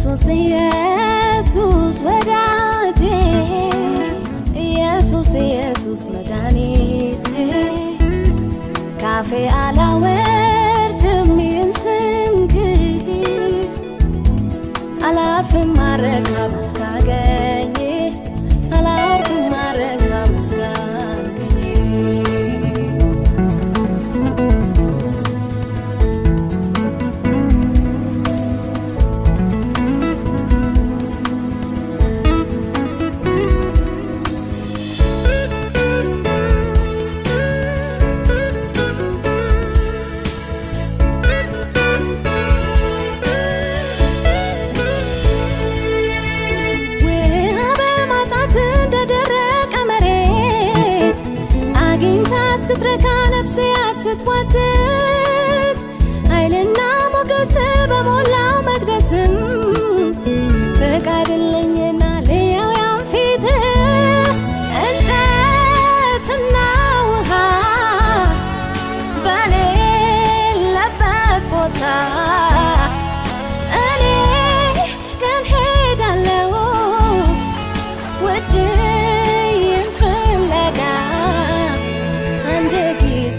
ኢየሱስ ኢየሱስ ወዳጄ ኢየሱስ ኢየሱስ መድኃኒቴ ካፌ አላወ ስትረካ ነፍሴ ስትዋትት ኃይልና ሞገስ በሞ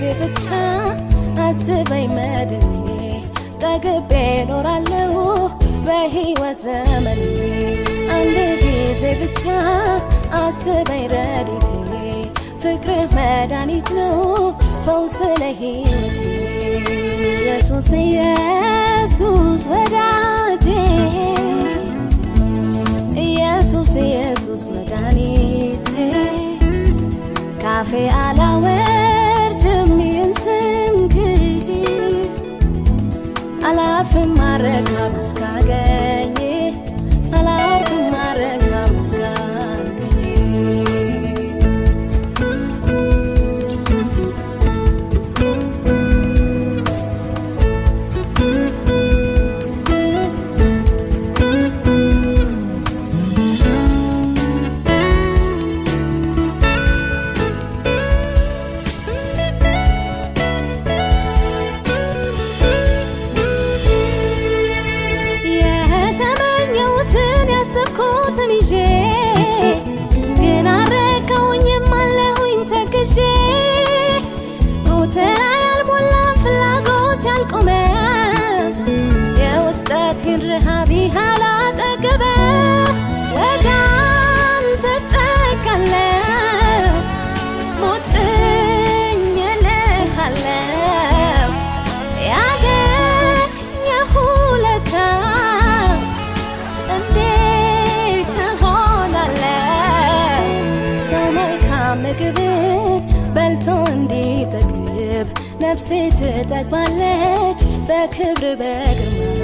ራሴ ብቻ አስበኝ መድኔ ጠግቤ እኖራለሁ በሕይወት ዘመኔ አንድ ጊዜ ብቻ አስበኝ ረድቴ ፍቅርህ መድኃኒት ነው ፈውስ ለሕይወቴ ኢየሱስ ኢየሱስ ወዳጄ ኢየሱስ ኢየሱስ መድኃኒቴ ካፌ አላወ ከፍ ማረግ እስካገር ነፍሴ ትጠግባለች በክብር በግርማ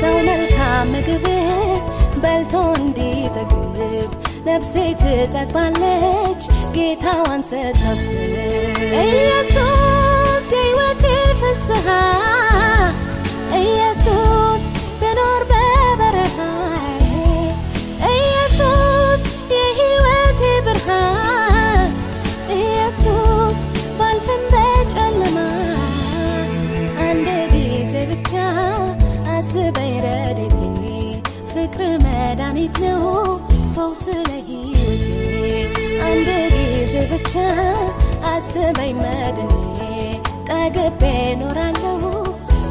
ሰው መልካም ምግብ በልቶ እንዲጠግብ ነፍሴ ትጠግባለች ጌታዋን ስታስብ ባለፈው ስለ ሕይወቴ አንድ ጊዜ ብቻ አስበኝ መድኔ ጠግቤ ኖራለሁ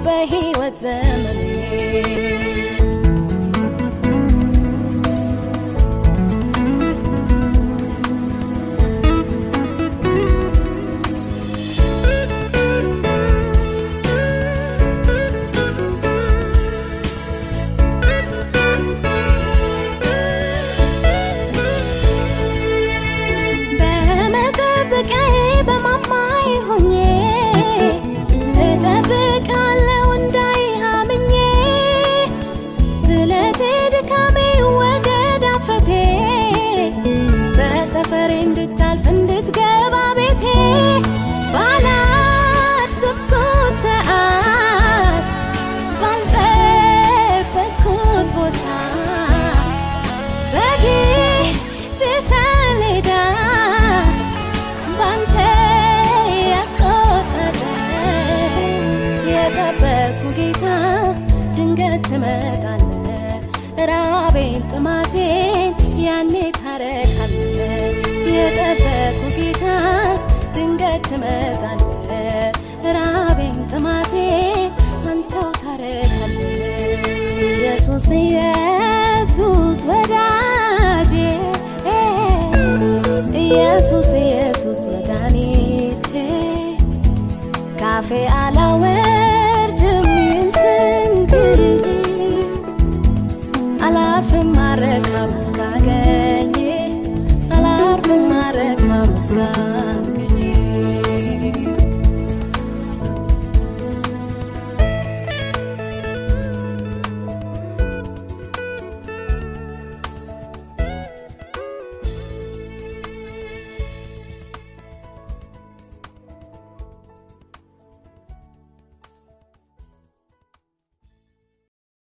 በሕይወት ዘመኔ ሳታልፍ እንድትገባ ቤቴ ባላሰብኩት ሰዓት ባልጠበኩት ቦታ በጊዜ ሰሌዳ ባንተ ያቆጣጠር የጠበኩ ጌታ ድንገት ትመጣለህ ራቤን ጥማቴን ያኔ ታረካለህ የጠበቁ ጌታ ድንገት ትመጣለ ራቤን ጥማቴ አንተው ታረካለ ኢየሱስ ኢየሱስ ወዳጄ ኢየሱስ ኢየሱስ መድኃኒቴ ካፌ አላ зла.